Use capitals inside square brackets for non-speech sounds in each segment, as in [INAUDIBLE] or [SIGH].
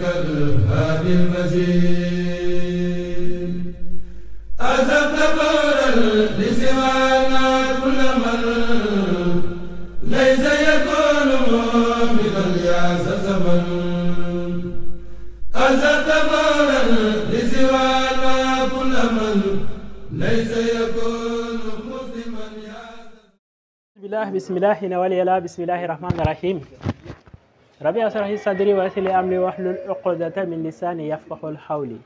كالهادي المزيد لسوانا كل من ليس يكون زمن لسوانا كل من ليس يكون بسم الله بسم الله نوالي الله بسم الله الرحمن الرحيم ربي اشرح صدري وأسلي أملي واحلل عقدة من لساني يفقه الحول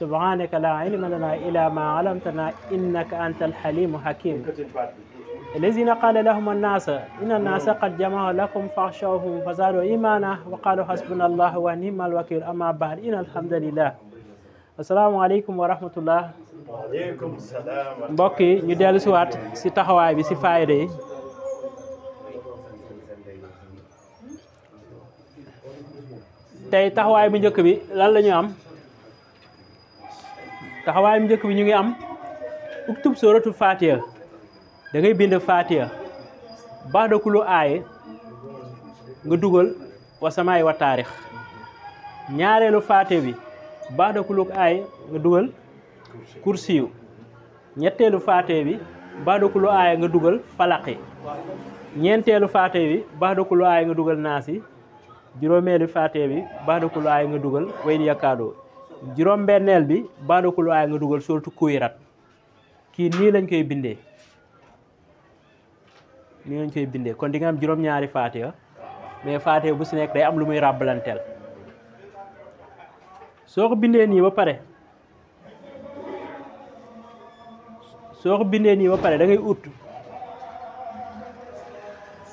سبحانك لا علم لنا الا ما علمتنا انك انت الحليم حكيم الذين قال لهم الناس ان الناس قد جمعوا لكم فاخشوهم فزادوا ايمانا وقالوا حسبنا الله ونعم الوكيل اما بعد ان الحمد لله السلام عليكم ورحمة الله وعليكم السلام ñu dellu si waat si taxawaay bi si tey taxawaay bu njëkk bi lan la am taxawaay bu njëkk bi ñu ngi am uktub suratul fatiha da ngay bind fatiha baax da kulu aaye nga dugal wasamaay wa taarix ñaareelu fatiha bi baax da kulu aaye nga dugal kursiyu ñetteelu fatiha bi baax da kulu aaye nga dugal falaqi ñeenteelu fatiha bi baax da kulu aaye nga dugal naasi juróomeelu faatee bi baadakul aaya nga dugal way di yakkaadoo juróom benneel bi baadakul aaya nga dugal surtout rat kii nii lañ koy bindee nii lañ koy bindee kon di nga am juróom-ñaari faatee mais faatee bu si nekk day am lu muy ràbbalanteel soo ko bindee nii ba pare soo ko bindee nii ba pare da ut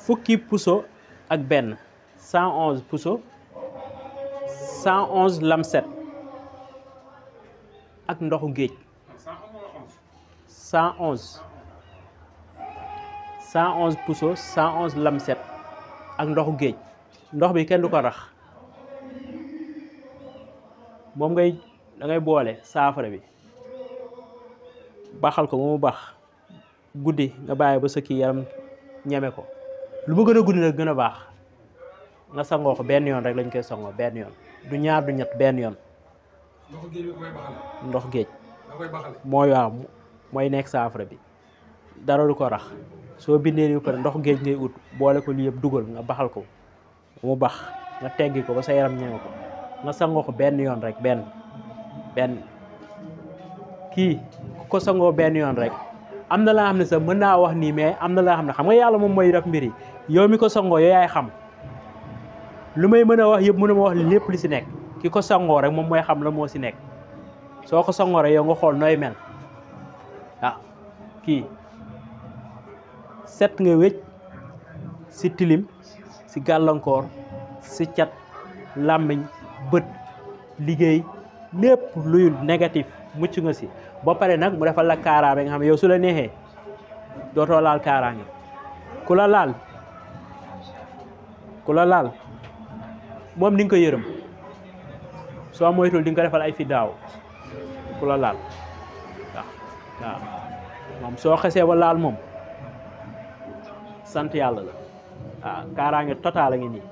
fukki puso ak benn 111 puso onze lamset ak ndoxu géej onze 111 onze puso 111 lamset ak ndoxu géej ndox bi kenn du ko rax moom ngay da ngay boole saafara bi baxal ko ba mu bax guddi nga bàyyi ba sa kii yaram ñeme ko lu mu gën a guddi nag gën a baax nga sangoo ko benn yoon rek lañ koy sangoo benn yoon du ñaar du ñett benn yoon. ndox géej bi mooy waaw mooy nekk saafara bi dara du ko rax soo bindee nii pare ndox géej ngay ut boole ko lii yëpp dugal nga baxal ko mu bax nga teggi ko ba sa yaram ñëw ko nga sangoo ko benn yoon rek benn benn kii ku ko sangoo benn yoon rek. am na laa xam ne sax mën naa wax nii mais am na laa xam ne xam nga yàlla moom mooy def mbir yi yow mi ko sangoo yow yaay xam. lu may mën a wax yëpp mënuma wax lépp li ci nekk ki ko sangoo rek moom mooy xam la moo si nekk soo ko sangoo rek yow xool nooy mel ah kii set nga wécc si tilim si gàllankoor si cat làmbiñ bët liggéey lépp luy negatif mucc nga si ba pare nag mu defal la kaaraange nga xam ne yow su la neexee dootoo laal kaaraange ku la laal ku la laal mom di nga ko yërëm soo moytul di nga ko defal ay fi daaw ku la laal wa waaw moom soo xesee ba laal mom sante yalla la waaw kaaraange total a ngi nii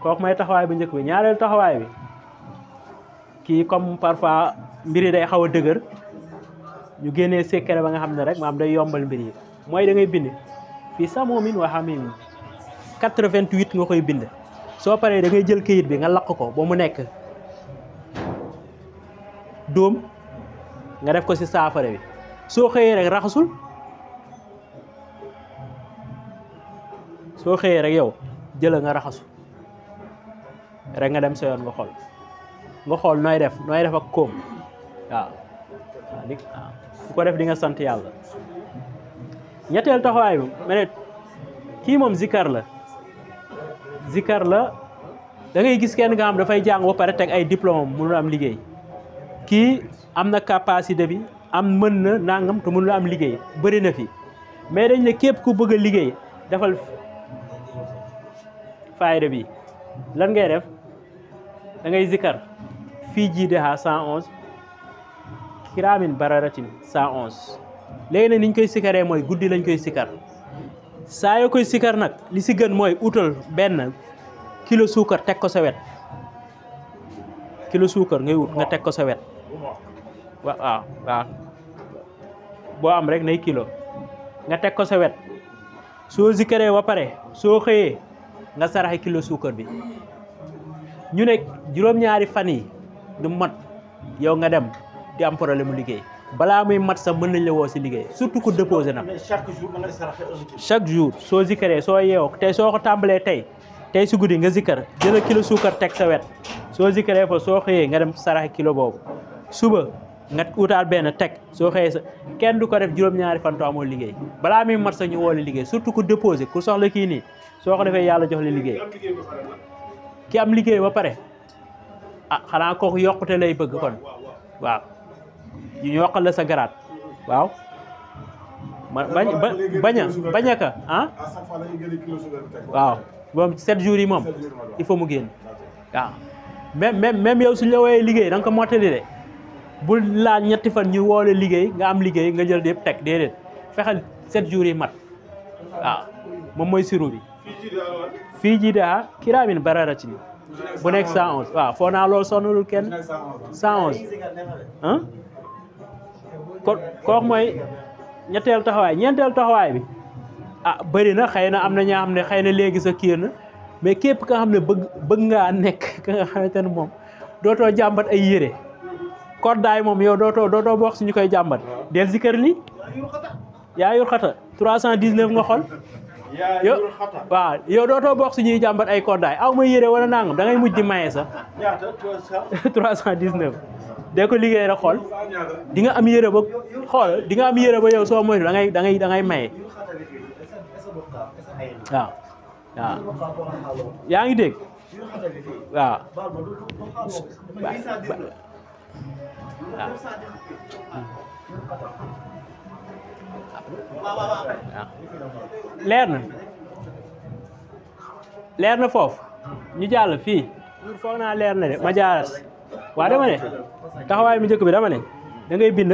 kooku may taxaway bu ñeek bi ñaarel taxaway bi ki comme parfois mbiri day xawa a ñu gene secret ba nga xamne ne rek maam day yombal mbiri moy da ngay bind fi samumin wa hamim 88 nga koy bind. soo paree da ngay jël kayit bi nga lakk ko ba mu nekk dóom nga def ko ci saafara bi soo xëyee rek raxasul soo xëyee rek yow jëla nga raxasu rek nga dem sa yoon nga xool nga xool nooy def nooy def ak koom waaw ku ko def di nga sant yàlla ñetteel taxawaay bi ma kii moom zikar la zikar la dangay gis kenn nga xam dafay jàng ba pare teg ay diplôme mënul am liggéey kii am na capacité bi am mën na nangam te mënul am liggéey bëri na fi mais dañ ne képp ku bëgg a liggéey defal fayda bi lan ngay def dangay ngay fii jii dexa 111 kiraamin bararatin 111 léegi nag ni ñu koy sikaree mooy guddi lañ koy sikar saa yoo koy sikar nag li si gën mooy utal benn kilo suukar teg ko sa wet kilo suukar ngay wut nga teg ko sa wet boo am rek nay kilo nga teg ko sa wet soo sikaree ba pare soo xëyee nga saraxe kilo suukar bi ñu ne juróom-ñaari fan yi du mat yow nga dem di am problème mu liggéey balaa muy mat sa mën nañ la woo si liggéey surtout ku déposé nag chaque jour soo zikkaree soo yeewoo tey soo ko tàmbalee tey tey su guddi nga zikkar jëla kilo suukar teg sa wet soo zikkaree fa soo xëyee nga dem saraxe kilo boobu suba nga utaal benn teg soo xëyee sa kenn du ko def juróom-ñaari fan amoo liggéey balaa muy mat sa ñu woo liggéey surtout ku déposé ku soxla kii nii soo ko defee yàlla jox la liggéey ki am liggéey ba pare ah xanaa kooku yokkute lay bëgg ñu yokkal la sa garaat waaw ma bañ bañ a bañ ka ah waaw moom sept jours yi moom il faut mu génn waaw même même yow suñ la wooyee liggéey da ko mottali de bul laa ñetti fan ñu woole liggéey nga am liggéey nga jël yëpp teg déedéet fexel set jours yi mat waaw moom mooy siru bi fii ji daa kiraamin barara ci bu nekk 111 waaw foo naa lool sonnalul kenn 111 ah kon kooku mooy ñetteelu taxawaay ñeenteel taxawaay bi ah bëri na xëy na am na ñaa xam ne xëy na léegi sa kii na mais képp ka xam ne bëgg bëgg ngaa nekk [LAUGHS] ka nga xamante ne moom dootoo jàmbat ay yére koddaay moom yow dootoo dootoo si suñu koy jàmbat del si kër li yaa yor xata 319 nga xool yow waaw yow dootoo si ñuy jàmbat ay koddaay aw ma yére wala nangam da ngay mujj di maye sax 319 [LAUGHS] dee ko liggéey rek xool di nga am yére ba xool di nga am yére ba yow soo moytu da ngay maye waaw yaa ngi dégg leer na leer na foofu ñu jàll fii foog naa leer na de ma jaaras waa dama ne taxawaay bu njëkk bi dama ne da ngay bind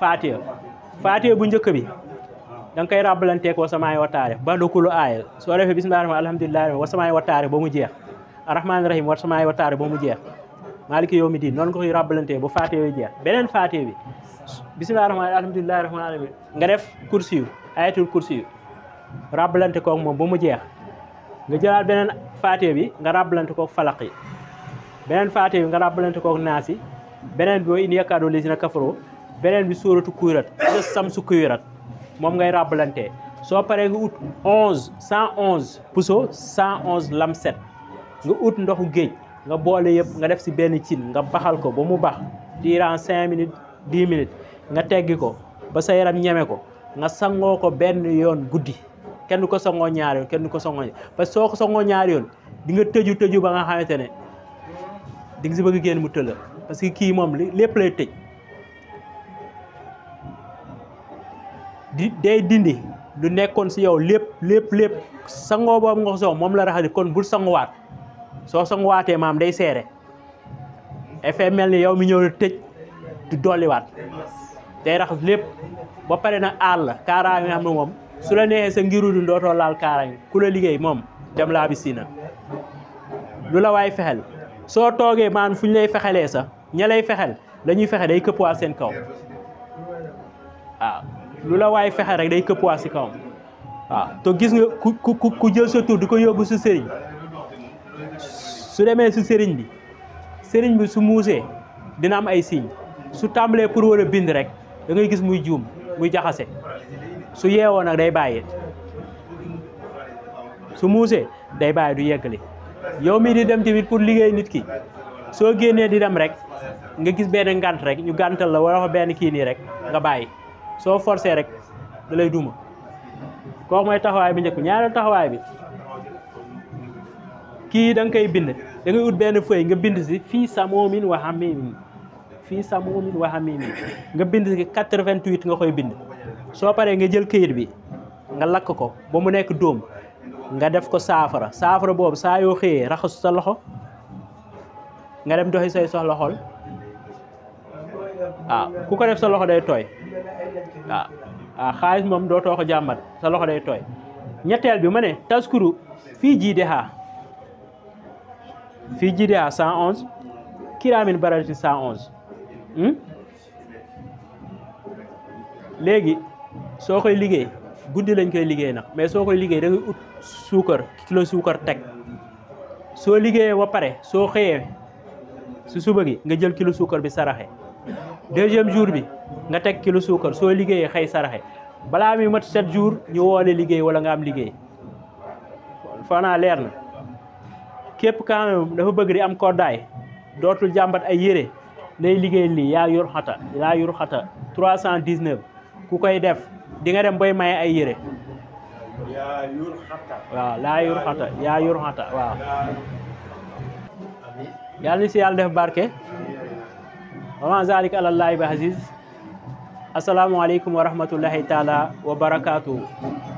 faatiya faatiya bu njëkk bi da nga koy ràbbalanteeg wasamaay wataare ba lukulu aaya soo defee bisimilah rahmaan alhamdulilah wasamaay wataare ba mu jeex arrahmaani rahim wasamaay wataare ba mu jeex maaliki yow mi diin noonu nga koy ràbbalantee ba faatiya jeex beneen faatiya bi bisimilah rahmaan alamin nga def kursi yu ayatul kursi ràbbalante koog moom ba mu jeex nga jëlaat beneen faatiya bi nga ràbbalante koog falaq yi beneen faatiha bi nga ràbbalante ko naas yi beneen bi boo in yakkaadoo li si na kafaroo beneen bi sóoratu kuyrat sam su kuyrat moom ngay ràbbalantee soo paree nga ut onze cent onze puso cent onze lamset nga ut ndoxu géej nga boole yëpp nga def si benn cin nga baxal ko ba mu bax durant cinq minutes dix minutes nga teggi ko ba sa yaram ñeme ko nga sangoo ko benn yoon guddi kenn ko sangoo ñaari yoon kenn ko sangoo parce que soo ko ñaari yoon di nga tëju tëju ba nga xamante ne di si bëgg génn mu tëla parce que kii moom li lépp lay tëj di day dindi lu nekkoon si yow lépp lépp lépp sangoo boobu nga soo moom la raxas kon bul sanguwaat soo sanguwaatee maam day seere effet mel ni yow mi ñëw tëj du dolliwaat day raxas lépp ba pare nag aar la kaaraange nga xam ne moom su la neexee sa ngiru du dootoo laal kaaraange ku la liggéey moom dem laa bi lu la waay fexel soo toogee maan fu ñu lay fexelee sax ña lay fexel dañuy fexe day këppwaat seen kaw waaw lu la waay fexe rek day këppwaat si kaw waaw te gis nga ku ku ku jël sa tur di ko yóbbu si sëriñ su demee si sëriñ bi sëriñ bi su muusee dina am ay signe su tàmbalee pour war a bind rek dangay gis muy juum muy jaxase su yewoon nag day bàyyi su muusee day bàyyi du yeggali yow mi di dem tamit pour liggéey nit ki so génnee di dem rek nga gis benn ngant rek ñu gantal la wala fa rek nga bayyi so forcé rek dalay duma ko moy taxaway bi njëkk ñaara taxaway bi ki dang kay bind da ngay ut benn feuy nga bind si fi samoomin wa hamimin fi samoomin wa hamimin nga bind ci 88 nga koy bind so paree nga jël kayit bi nga lak ko ba mu nekk dom. nga def ko saafara saafara boobu saa yoo xëyee raxasu sa loxo nga dem doxi say soxla xool waaw ah, ku ko def sa loxo day tooy waaw ah, ah, waaw xaalis moom doo too ko jàmbat sa loxo day tooy ñetteel bi ma ne taskuru fii jiide xaa fii jiide xaa cent onze kiraamin barati cent onze hmm? léegi soo koy liggéey guddi lañ koy liggéey nag mais soo koy liggéey da ut suukar kilo suukar teg soo liggéeyee ba pare soo xëyee su suba gi nga jël kilo suukar bi saraxe deuxième jour bi nga teg kilo suukar soo liggéeyee xëy saraxe balaa muy mat sept jours ñu woole liggéey wala nga am liggéey fanaa leer na képp quand même dafa bëgg di am koddaay dootul jàmbat ay yére lay liggéey lii yaa yor xata yaa yor xata trois cent dix-neuf ku koy def di nga dem bay maye ay yére يا يرحتا يا يرحتا وا يا نسي الله باركه وما ذلك على الله عزيز السلام عليكم ورحمه الله تعالى وبركاته